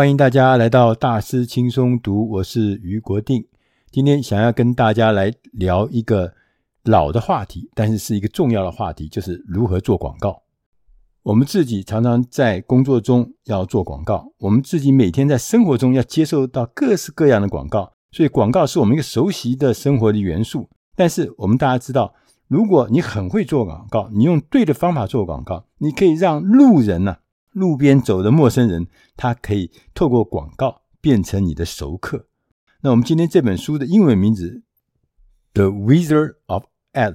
歡迎大家來到大師輕鬆讀，我是俞國定。今天想要跟大家來聊一個老的話題，但是是一個重要的話題，就是如何做廣告。我們自己常常在工作中要做廣告，我們自己每天在生活中要接受到各式各樣的廣告，所以廣告是我們一個熟悉的生活的元素。但是我們大家知道，如果你很會做廣告，你用對的方法做廣告，你可以讓路人呢、啊。路邊走的陌生人，他可以透過廣告變成你的熟客。那我們今天這本書的英文名字，《The Wizard of Ads》。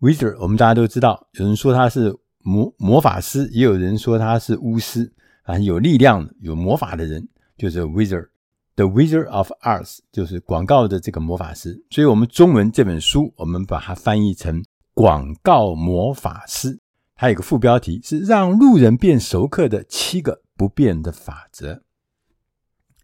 Wizard，我們大家都知道，有人說他是魔魔法師，也有人說他是巫師啊，有力量的、有魔法的人，就是 Wizard。The Wizard of Ads 就是廣告的這個魔法師。所以我們中文這本書，我們把它翻譯成廣告魔法師。還有個副標題是“讓路人變熟客的七個不變的法則”。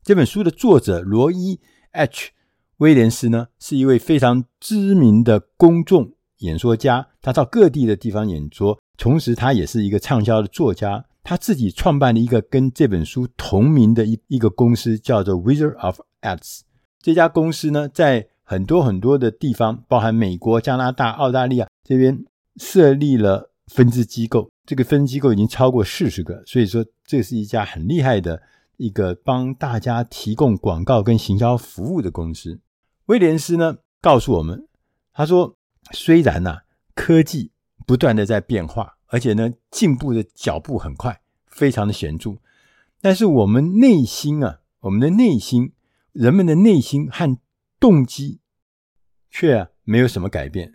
這本書的作者羅伊 H· 威廉斯呢，是一位非常知名的公眾演說家，他到各地的地方演說，同時他也是一個暢銷的作家。他自己創辦了一個跟這本書同名的一一個公司，叫做 “Wizard of Ads”。這家公司呢，在很多很多的地方，包含美國、加拿大、澳大利亞這邊設立了。分支機構，這個分支機構已經超過四十個，所以說這是一家很厲害的一個幫大家提供廣告跟行銷服務的公司。威廉斯呢告訴我們，他說：雖然啊科技不斷的在變化，而且呢進步的腳步很快，非常的顯著，但是我們內心啊，我們的內心，人們的內心和動機卻、啊、沒有什麼改變，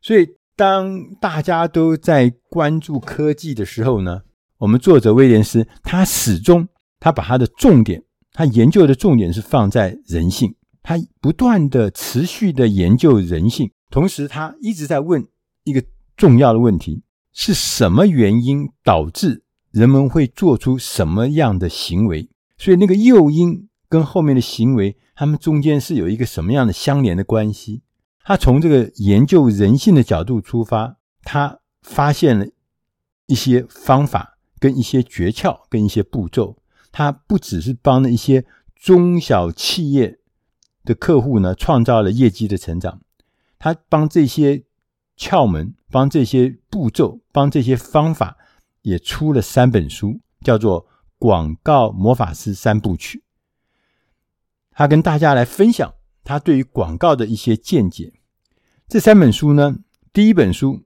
所以。當大家都在關注科技的時候呢，我們作者威廉斯，他始終，他把他的重點，他研究的重點是放在人性。他不斷的持續的研究人性，同時他一直在問一個重要的問題：是什麼原因導致人們會做出什麼樣的行為？所以那個誘因跟後面的行為，他們中間是有一個什麼樣的相連的關係？他從這個研究人性的角度出發，他發現了一些方法，跟一些訣竅，跟一些步驟。他不只是幫了一些中小企業的客戶呢，創造了業績的成長，他幫這些竅門、幫這些步驟、幫這些方法也出了三本書，叫做《廣告魔法師三部曲》。他跟大家來分享。他對於廣告的一些見解。這三本書呢，第一本書《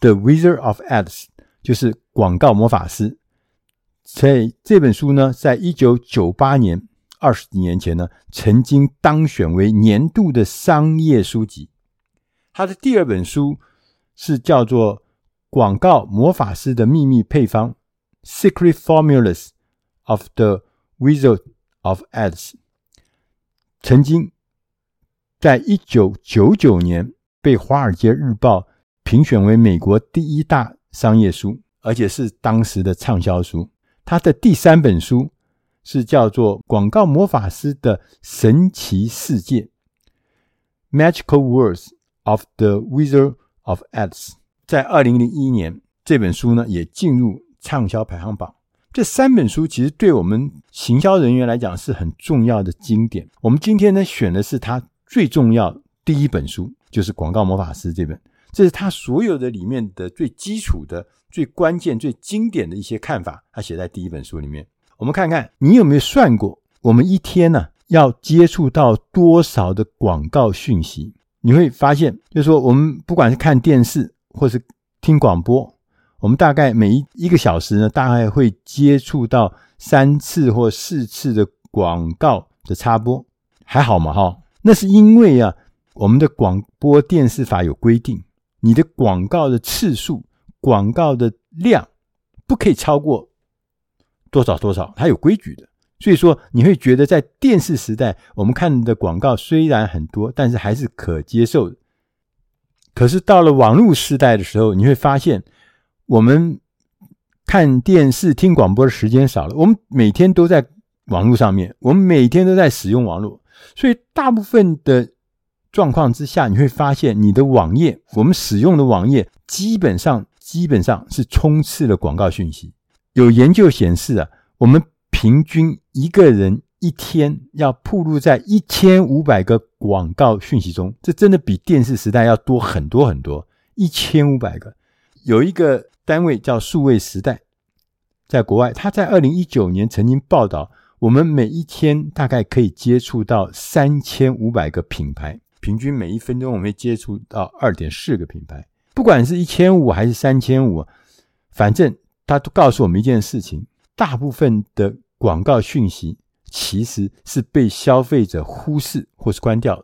The Wizard of Ads》就是《廣告魔法師》，所以這本書呢，在一九九八年，二十幾年前呢，曾經當選為年度的商業書籍。他的第二本書是叫做《廣告魔法師的秘密配方》（Secret Formulas of the Wizard of Ads）。曾經，在一九九九年被《華爾街日報》評選為美國第一大商業書，而且是當時的暢銷書。他的第三本書是叫做《廣告魔法師的神奇世界》（Magical Worlds of the Wizard of Ads）。在二零零一年，這本書呢也進入暢銷排行榜。這三本書其實對我們行銷人員來講是很重要的經典。我們今天呢選的是他最重要第一本書，就是《廣告魔法師》這本。這是他所有的裡面的最基礎的、最關鍵、最經典的一些看法，他寫在第一本書裡面。我們看看你有沒有算過，我們一天呢、啊、要接觸到多少的廣告訊息？你會發現，就是說我們不管是看電視或是聽廣播。我們大概每一一個小時呢，大概會接觸到三次或四次的廣告的插播。還好嘛，哈。那是因為啊，我們的廣播電視法有規定，你的廣告的次數、廣告的量，不可以超過多少多少，它有規矩的。所以說，你會覺得在電視時代，我們看的廣告雖然很多，但是還是可接受的。可是到了網絡時代的時候，你會發現。我們看電視、聽廣播的時間少了，我們每天都在網絡上面，我們每天都在使用網絡，所以大部分的狀況之下，你會發現你的網頁，我們使用的網頁，基本上基本上是充斥了廣告訊息。有研究顯示啊，我們平均一個人一天要曝露在一千五百個廣告訊息中，這真的比電視時代要多很多很多，一千五百個，有一個。單位叫數位時代，在國外，他在二零一九年曾經報道，我們每一天大概可以接觸到三千五百個品牌，平均每一分鐘我們接觸到二點四個品牌。不管是一千五還是三千五，反正他都告訴我們一件事情：大部分的廣告訊息其實是被消費者忽視或是關掉，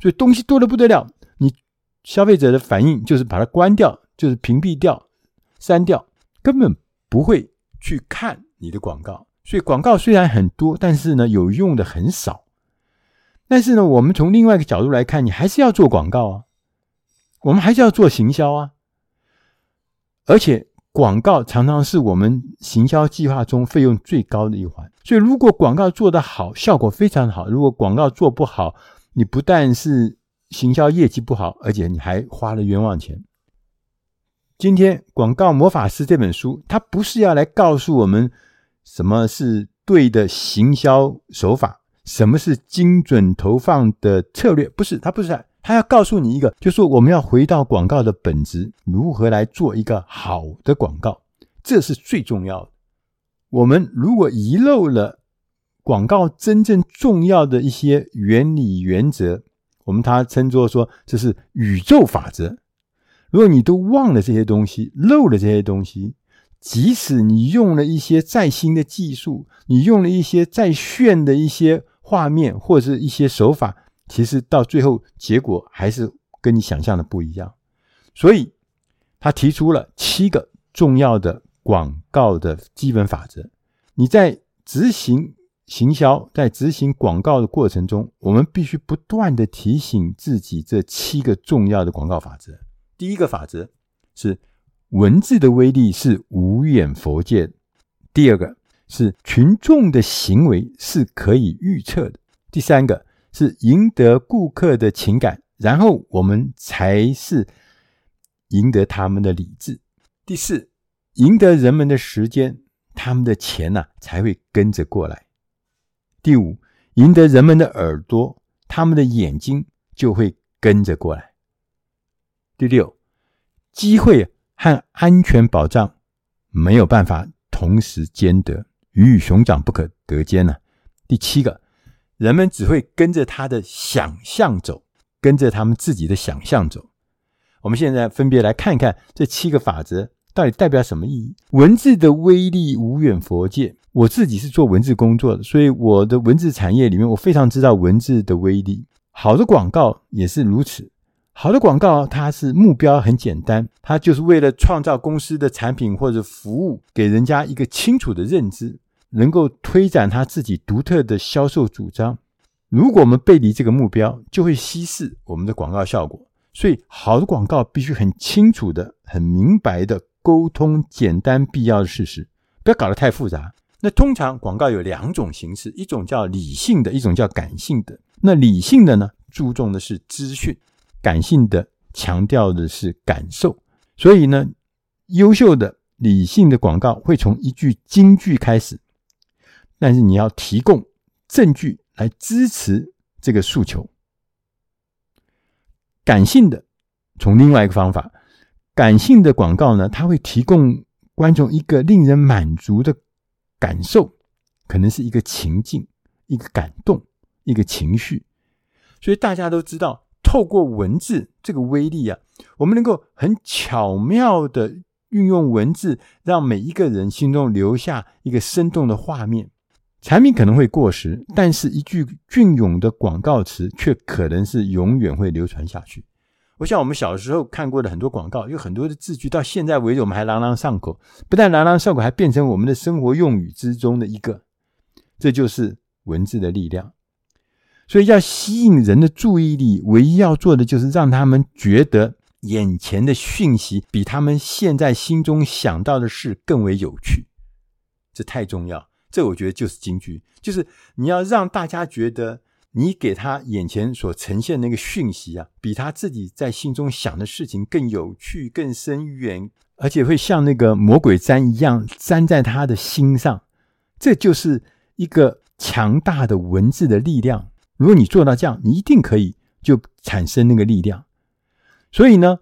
所以東西多得不得了。你消費者的反應就是把它關掉，就是屏蔽掉。刪掉，根本不會去看你的廣告，所以廣告雖然很多，但是呢，有用的很少。但是呢，我們從另外一個角度來看，你還是要做廣告啊，我們還是要做行銷啊。而且廣告常常是我們行銷計劃中費用最高的一環，所以如果廣告做得好，效果非常好；如果廣告做不好，你不但是行銷業績不好，而且你還花了冤枉錢。今天《廣告魔法師》這本書，它不是要來告訴我們什麼是對的行銷手法，什麼是精準投放的策略，不是，它不是，它要告訴你一個，就是說我們要回到廣告的本質，如何來做一個好的廣告，這是最重要的。我們如果遺漏了廣告真正重要的一些原理原則，我們他稱作說這是宇宙法則。如果你都忘了這些東西，漏了這些東西，即使你用了一些再新的技術，你用了一些再炫的一些畫面，或者是一些手法，其實到最後結果還是跟你想象的不一樣。所以，他提出了七個重要的廣告的基本法則。你在執行行銷，在執行廣告的過程中，我們必須不斷地提醒自己這七個重要的廣告法則。第一個法則是文字的威力是無遠弗屆。第二個是群眾的行為是可以預測的。第三個是贏得顧客的情感，然後我們才是贏得他們的理智。第四，贏得人們的時間，他們的錢吶、啊、才會跟着過來。第五，贏得人們的耳朵，他們的眼睛就會跟着過來。第六，機會和安全保障沒有辦法同時兼得，魚與熊掌不可得兼吶、啊。第七個，人們只會跟着他的想象走，跟着他們自己的想象走。我們現在分別來看一看這七個法則到底代表什麼意義。文字的威力無遠弗屆，我自己是做文字工作的，所以我的文字產業裡面，我非常知道文字的威力。好的廣告也是如此。好的廣告，它是目標很簡單，它就是為了創造公司的產品或者服務，給人家一個清楚的認知，能夠推展他自己獨特的銷售主張。如果我們背離這個目標，就會稀釋我們的廣告效果。所以，好的廣告必須很清楚的、很明白的溝通簡單必要的事實，不要搞得太複雜。那通常廣告有兩種形式，一種叫理性的，一種叫感性的。那理性的呢，注重的是資訊。感性的強調的是感受，所以呢，優秀的理性的廣告會從一句金句開始，但是你要提供證據來支持這個訴求。感性的從另外一個方法，感性的廣告呢，它會提供觀眾一個令人滿足的感受，可能是一個情境、一個感動、一個情緒，所以大家都知道。透過文字這個威力啊，我們能夠很巧妙地運用文字，讓每一個人心中留下一個生動的畫面。產品可能會過時，但是一句雋永的廣告詞卻可能是永遠會流傳下去。我想我們小時候看過的很多廣告，有很多的字句到現在為止我們還朗朗上口，不但朗朗上口，還變成我們的生活用語之中的一個。這就是文字的力量。所以要吸引人的注意力，唯一要做的就是讓他們覺得眼前的訊息比他們現在心中想到的事更為有趣。這太重要，這我覺得就是金句，就是你要讓大家覺得你給他眼前所呈現的那個訊息啊，比他自己在心中想的事情更有趣、更深遠，而且會像那個魔鬼氈一樣粘在他的心上。這就是一個強大的文字的力量。如果你做到這樣，你一定可以就產生那個力量。所以呢，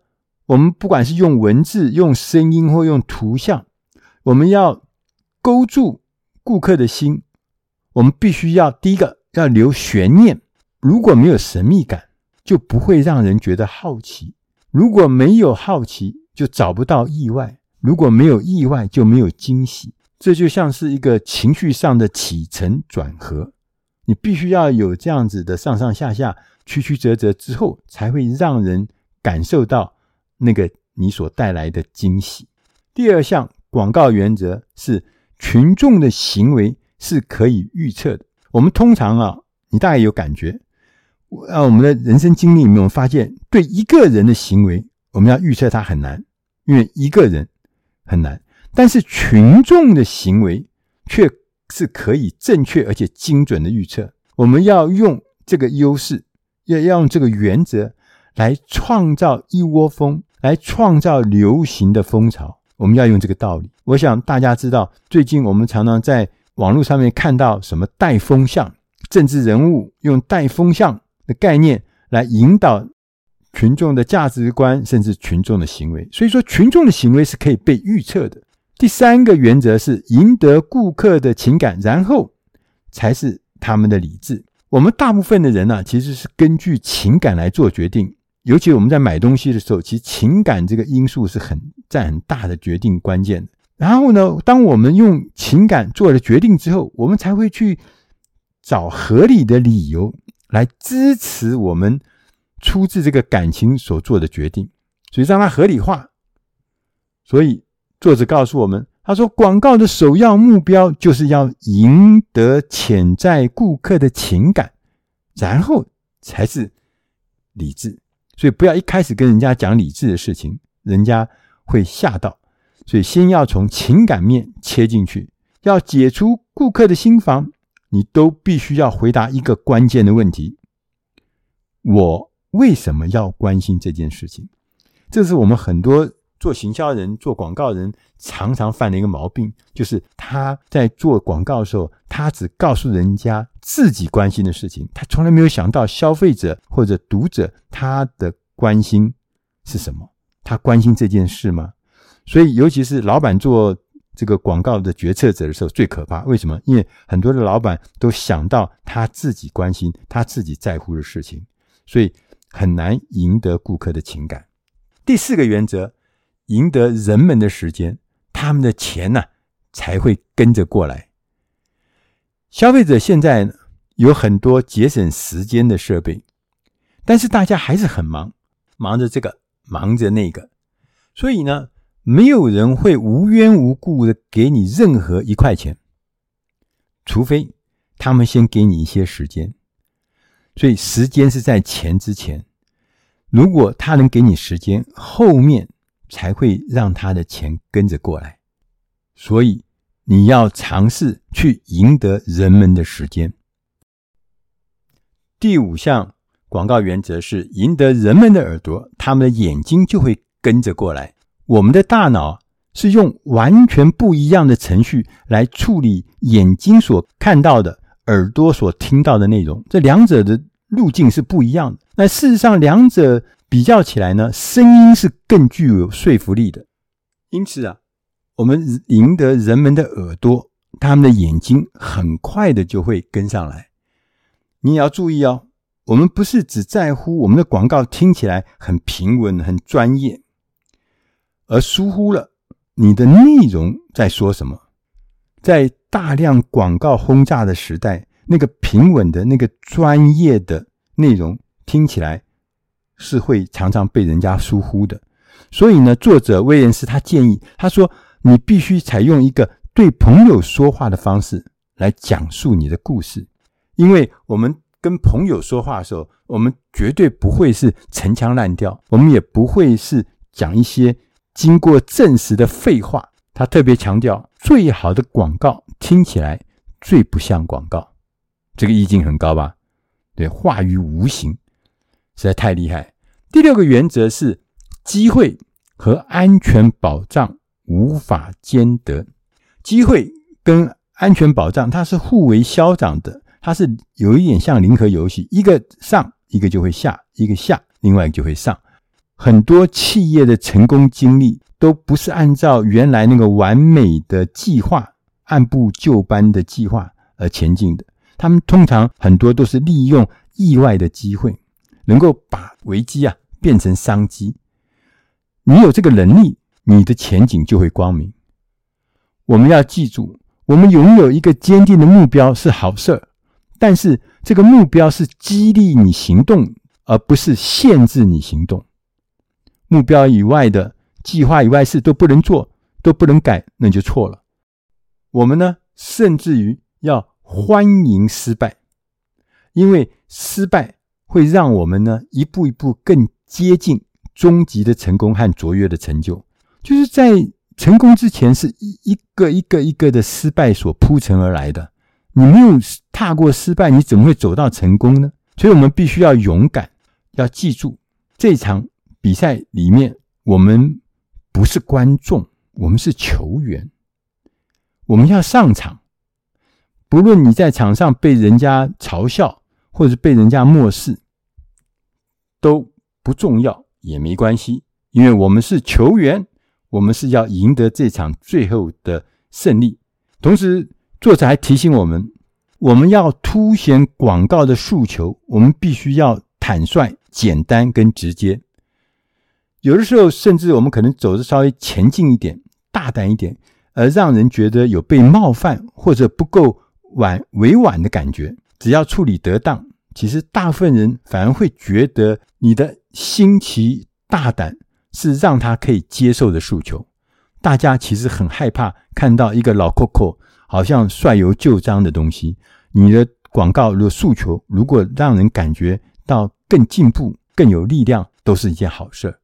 我們不管是用文字、用聲音或用圖像，我們要勾住顧客的心。我們必須要第一個要留懸念，如果沒有神秘感，就不會讓人覺得好奇；如果沒有好奇，就找不到意外；如果沒有意外，就沒有驚喜。這就像是一個情緒上的起承轉合。你必須要有這樣子的上上下下，曲曲折折之後，才會讓人感受到那個你所帶來的驚喜。第二項廣告原則是：群眾的行為是可以預測的。我們通常啊，你大概有感覺。啊，我們的人生經歷裡面，我們發現對一個人的行為，我們要預測它很難，因為一個人很難。但是群眾的行為卻是可以正確而且精準的預測。我們要用這個優勢，要要用這個原則來創造一窩蜂，來創造流行的風潮。我們要用這個道理。我想大家知道，最近我們常常在網絡上面看到什麼帶風向，政治人物用帶風向的概念來引導群眾的價值觀，甚至群眾的行為。所以說，群眾的行為是可以被預測的。第三個原則是贏得顧客的情感，然後才是他們的理智。我們大部分的人呢、啊，其實是根據情感來做決定，尤其我們在買東西的時候，其實情感這個因素是很占很大的決定關鍵。然後呢，當我們用情感做了決定之後，我們才會去找合理的理由來支持我們出自這個感情所做的決定，所以讓它合理化。所以。作者告訴我們，他說廣告的首要目標就是要贏得潛在顧客的情感，然後才是理智。所以不要一開始跟人家講理智的事情，人家會嚇到。所以先要從情感面切進去，要解除顧客的心防，你都必須要回答一個關鍵的問題：我為什麼要關心這件事情？這是我們很多。做行銷的人、做廣告人，常常犯的一個毛病，就是他在做廣告的時候，他只告訴人家自己關心的事情，他從來沒有想到消費者或者讀者他的關心是什麼，他關心這件事嗎？所以，尤其是老闆做這個廣告的決策者的時候，最可怕。為什麼？因為很多的老闆都想到他自己關心、他自己在乎的事情，所以很難贏得顧客的情感。第四個原則。贏得人們的時間，他們的錢呢，啊，才會跟着過來。消費者現在有很多節省時間的設備，但是大家還是很忙，忙着這個，忙着那個，所以呢，沒有人會無緣無故的給你任何一塊錢，除非他們先給你一些時間。所以時間是在錢之前。如果他能給你時間，後面。才會讓他的錢跟着過來，所以你要嘗試去贏得人們的時間。第五項廣告原則是贏得人們的耳朵，他們的眼睛就會跟着過來。我們的大腦是用完全不一樣的程序來處理眼睛所看到的、耳朵所聽到的內容，這兩者的路徑是不一樣的。那事實上，兩者。比較起來呢，聲音是更具有說服力的。因此啊，我們贏得人們的耳朵，他們的眼睛很快的就會跟上來。你也要注意哦，我們不是只在乎我們的廣告聽起來很平穩、很專業，而疏忽了你的內容在說什麼。在大量廣告轟炸的時代，那個平穩的那個專業的內容聽起來。是會常常被人家疏忽的，所以呢，作者威廉斯他建議他說：“你必須採用一個對朋友說話的方式來講述你的故事，因為我們跟朋友說話的時候，我們絕對不會是陳腔濫調，我們也不會是講一些經過證實的廢話。”他特別強調：“最好的廣告聽起來最不像廣告。”這個意境很高吧？對，化於無形，實在太厲害。第六個原則是，機會和安全保障無法兼得。機會跟安全保障，它是互為消長的，它是有一點像零和遊戲，一個上一個就會下，一個下另外一個就會上。很多企業的成功經歷都不是按照原來那個完美的計劃、按部就班的計劃而前進的，他們通常很多都是利用意外的機會，能夠把危機啊。變成商機，你有這個能力，你的前景就會光明。我們要記住，我們擁有一個堅定的目標是好事，但是這個目標是激勵你行動，而不是限制你行動。目標以外的計劃以外的事都不能做，都不能改，那就錯了。我們呢，甚至於要歡迎失敗，因為失敗會讓我們呢一步一步更。接近終極的成功和卓越的成就，就是在成功之前是一一個一個一個的失敗所鋪陳而來的。你沒有踏過失敗，你怎麼會走到成功呢？所以，我們必須要勇敢，要記住，這場比賽裡面，我們不是觀眾，我們是球員，我們要上場。不論你在場上被人家嘲笑，或者是被人家漠視，都。不重要也沒關係，因為我們是球員，我們是要贏得這場最後的勝利。同時，作者還提醒我們，我們要凸顯廣告的訴求，我們必須要坦率、簡單跟直接。有的時候，甚至我們可能走得稍微前進一點、大膽一點，而讓人覺得有被冒犯或者不夠婉委婉的感覺。只要處理得當，其實大部分人反而會覺得你的。新奇大膽是讓他可以接受的訴求。大家其實很害怕看到一個老扣扣，好像率由舊章的東西。你的廣告的訴求如果讓人感覺到更進步、更有力量，都是一件好事。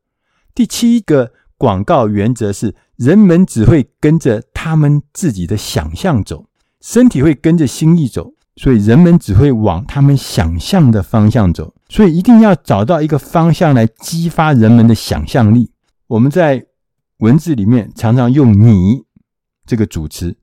第七個廣告原則是：人們只會跟着他們自己的想象走，身體會跟着心意走，所以人們只會往他們想象的方向走。所以一定要找到一個方向來激發人們的想象力。我們在文字裡面常常用“你”這個主詞，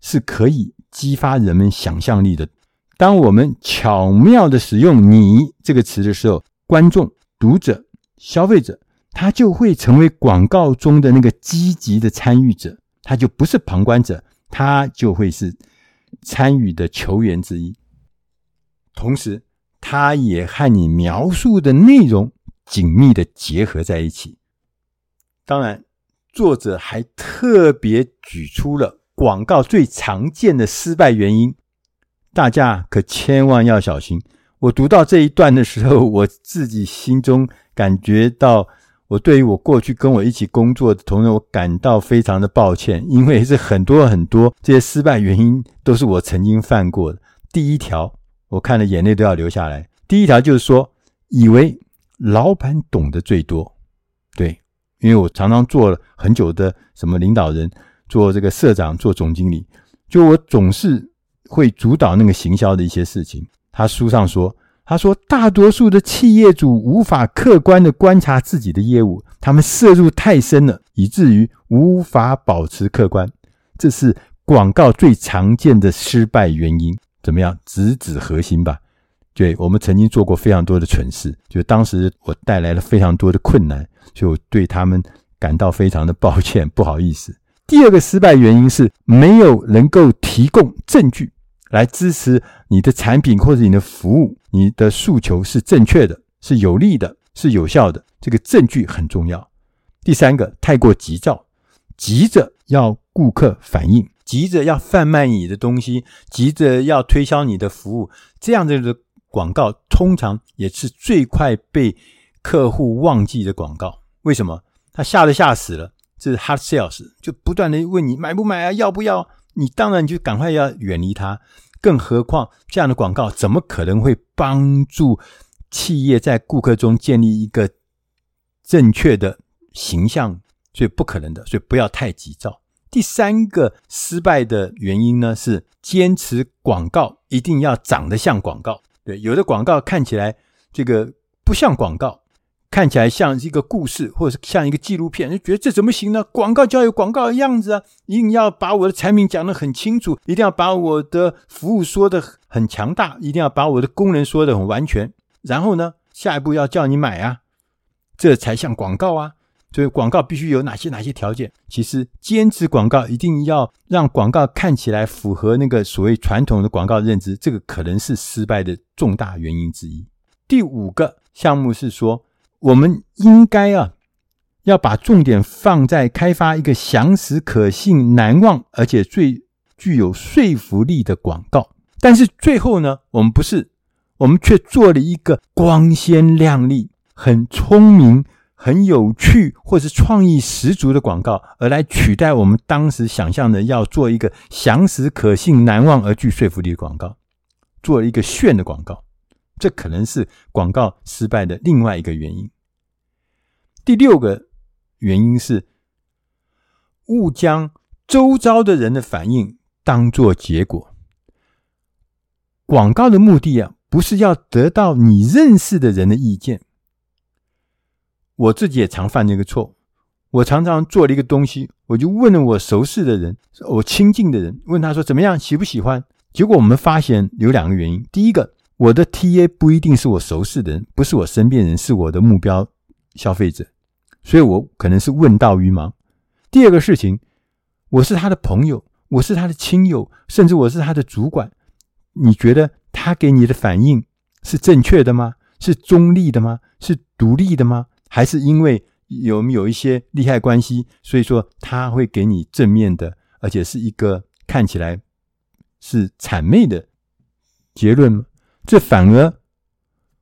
是可以激發人們想象力的。當我們巧妙的使用“你”這個詞的時候，觀眾、讀者、消費者，他就會成為廣告中的那個積極的參與者，他就不是旁觀者，他就會是參與的球員之一。同時，它也和你描述的內容緊密的結合在一起。當然，作者還特別舉出了廣告最常見的失敗原因，大家可千萬要小心。我讀到這一段的時候，我自己心中感覺到，我對於我過去跟我一起工作的同學，我感到非常的抱歉，因為是很多很多這些失敗原因都是我曾經犯過的。第一條。我看的眼淚都要流下來。第一條就是說，以為老闆懂得最多，對，因為我常常做了很久的什麼領導人，做這個社長，做總經理，就我總是會主導那個行銷的一些事情。他書上說，他說大多數的企業主無法客觀的觀察自己的業務，他們涉入太深了，以至於無法保持客觀，這是廣告最常見的失敗原因。怎麼樣？直指核心吧。對，我們曾經做過非常多的蠢事，就當時我帶來了非常多的困難，就對他們感到非常的抱歉，不好意思。第二個失敗原因是沒有能夠提供證據來支持你的產品或者你的服務，你的訴求是正確的，是有利的，是有效的。這個證據很重要。第三個，太過急躁，急着要顧客反應。急着要販賣你的東西，急着要推銷你的服務，這樣子的廣告通常也是最快被客戶忘記的廣告。為什麼？他嚇都嚇死了，這是 hard sales，就不斷的問你買不買啊，要不要？你當然就趕快要遠離他。更何況這樣的廣告怎麼可能會幫助企業在顧客中建立一個正確的形象？所以不可能的。所以不要太急躁。第三個失敗的原因呢，是堅持廣告一定要長得像廣告。對，有的廣告看起來這個不像廣告，看起來像一個故事，或者是像一個紀錄片，就覺得這怎麼行呢？廣告就要有廣告的樣子啊，一定要把我的產品講得很清楚，一定要把我的服務說得很強大，一定要把我的功能說得很完全，然後呢，下一步要叫你買啊，這才像廣告啊。所以廣告必須有哪些哪些條件？其實，堅持廣告一定要讓廣告看起來符合那個所謂傳統的廣告的認知，這個可能是失敗的重大原因之一。第五個項目是說，我們應該啊要把重點放在開發一個詳實、可信、難忘而且最具有說服力的廣告。但是最後呢，我們不是，我們卻做了一個光鮮亮麗、很聰明。很有趣或是創意十足的廣告，而來取代我們當時想象的要做一個詳實、可信、難忘而具說服力的廣告，做一個炫的廣告，這可能是廣告失敗的另外一個原因。第六個原因是誤將周遭的人的反應當做結果。廣告的目的啊，不是要得到你認識的人的意見。我自己也常犯這個錯，我常常做了一個東西，我就問了我熟識的人、我親近的人，問他說怎麼樣，喜不喜歡？結果我們發現有兩個原因：第一個，我的 TA 不一定是我熟識的人，不是我身邊人，是我的目標消費者，所以我可能是問道於盲；第二個事情，我是他的朋友，我是他的親友，甚至我是他的主管，你覺得他給你的反應是正確的嗎？是中立的嗎？是獨立的嗎？還是因為有沒有一些利害關係，所以說他會給你正面的，而且是一個看起來是諂媚的結論，這反而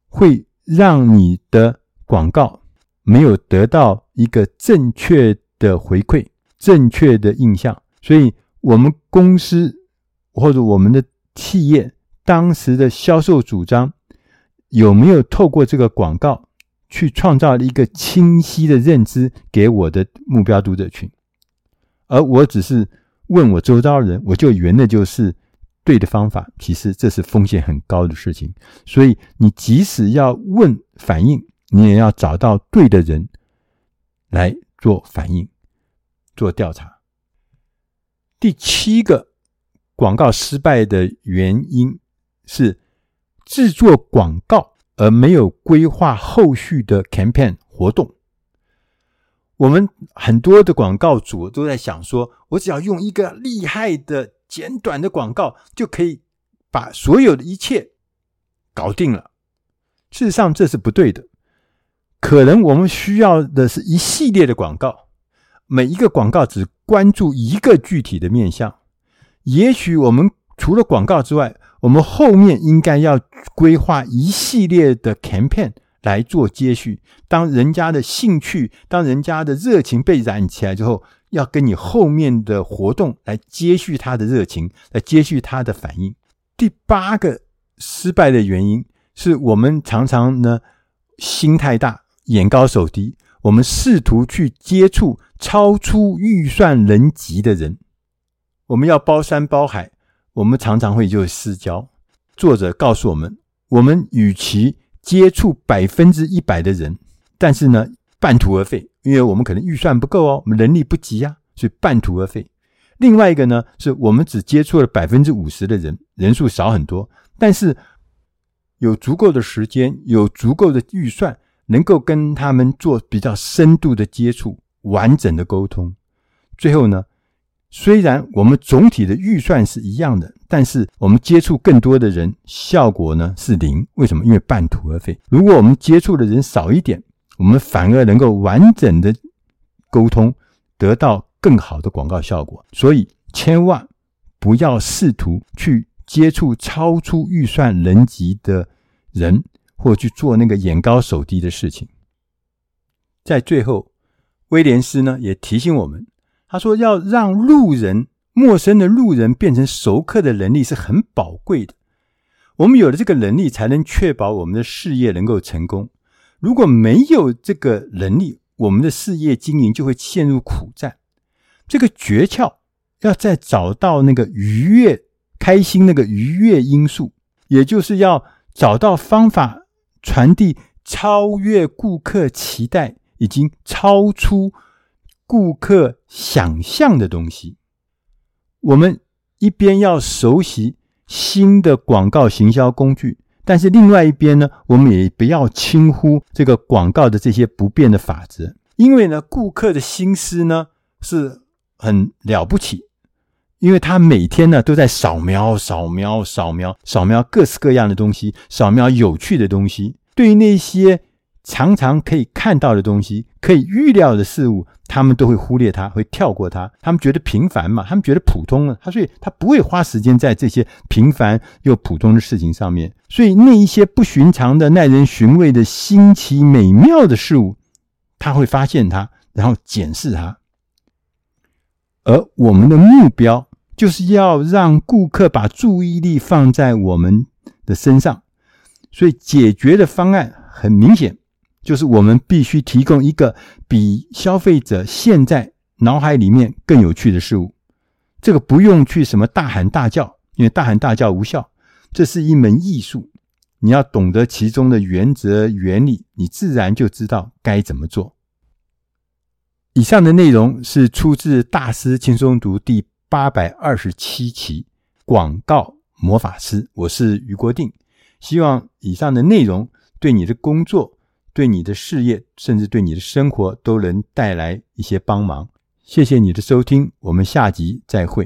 會讓你的廣告沒有得到一個正確的回饋、正確的印象。所以，我們公司或者我們的企業當時的銷售主張有沒有透過這個廣告？去創造一個清晰的認知給我的目標讀者群，而我只是問我周遭的人，我就圓的就是對的方法。其實這是風險很高的事情，所以你即使要問反應，你也要找到對的人來做反應、做調查。第七個廣告失敗的原因是製作廣告，而沒有規劃後續的 campaign 活動，我們很多的廣告主都在想說：我只要用一個厲害的簡短的廣告，就可以把所有的一切搞定了。事實上，這是不對的。可能我們需要的是一系列的廣告，每一個廣告只關注一個具體的面向。也許我們除了廣告之外，我們後面應該要規劃一系列的 campaign 來做接續。當人家的興趣、當人家的熱情被燃起來之後，要跟你後面的活動來接續他的熱情，來接續他的反應。第八個失敗的原因是我們常常呢，心太大、眼高手低，我們試圖去接觸超出預算能級的人，我們要包山包海。我們常常會就私交，作者告訴我們，我們與其接觸百分之一百的人，但是呢，半途而廢，因為我們可能預算不夠哦，我們能力不及啊，所以半途而廢。另外一個呢，是我們只接觸了百分之五十的人，人數少很多，但是有足夠的時間，有足夠的預算，能夠跟他們做比較深度的接觸，完整的溝通。最後呢，雖然我們總體的預算是一樣的，但是我們接觸更多的人，效果呢是零。為什麼？因為半途而廢。如果我們接觸的人少一點，我們反而能夠完整的溝通，得到更好的廣告效果。所以，千萬不要試圖去接觸超出預算能及的人，或去做那個眼高手低的事情。在最後，威廉斯呢也提醒我們。他說：“要讓路人、陌生的路人變成熟客的能力是很寶貴的。我們有了這個能力，才能確保我們的事業能夠成功。如果沒有這個能力，我們的事業經營就會陷入苦戰。這個訣竅要再找到那個愉悅、開心那個愉悅因素，也就是要找到方法傳遞超越顧客期待，已經超出。”顧客想象的東西，我們一邊要熟悉新的廣告行銷工具，但是另外一邊呢，我們也不要輕忽這個廣告的這些不變的法則。因為呢，顧客的心思呢是很了不起，因為他每天呢都在掃描、掃描、掃描、掃描各式各樣的東西，掃描有趣的東西。對於那些常常可以看到的東西，可以預料的事物，他們都會忽略它，會跳過它。他們覺得平凡嘛，他們覺得普通了，他所以他不會花時間在這些平凡又普通的事情上面。所以那一些不尋常的、耐人尋味的新奇美妙的事物，他會發現它，然後檢視它。而我們的目標就是要讓顧客把注意力放在我們的身上，所以解決的方案很明顯。就是我們必須提供一個比消費者現在腦海裡面更有趣的事物。這個不用去什麼大喊大叫，因為大喊大叫無效。這是一門藝術，你要懂得其中的原則原理，你自然就知道該怎麼做。以上的內容是出自《大師輕鬆讀》第八百二十七期《廣告魔法師》，我是於國定。希望以上的內容對你的工作。對你的事業，甚至對你的生活，都能帶來一些幫忙。謝謝你的收聽，我們下集再會。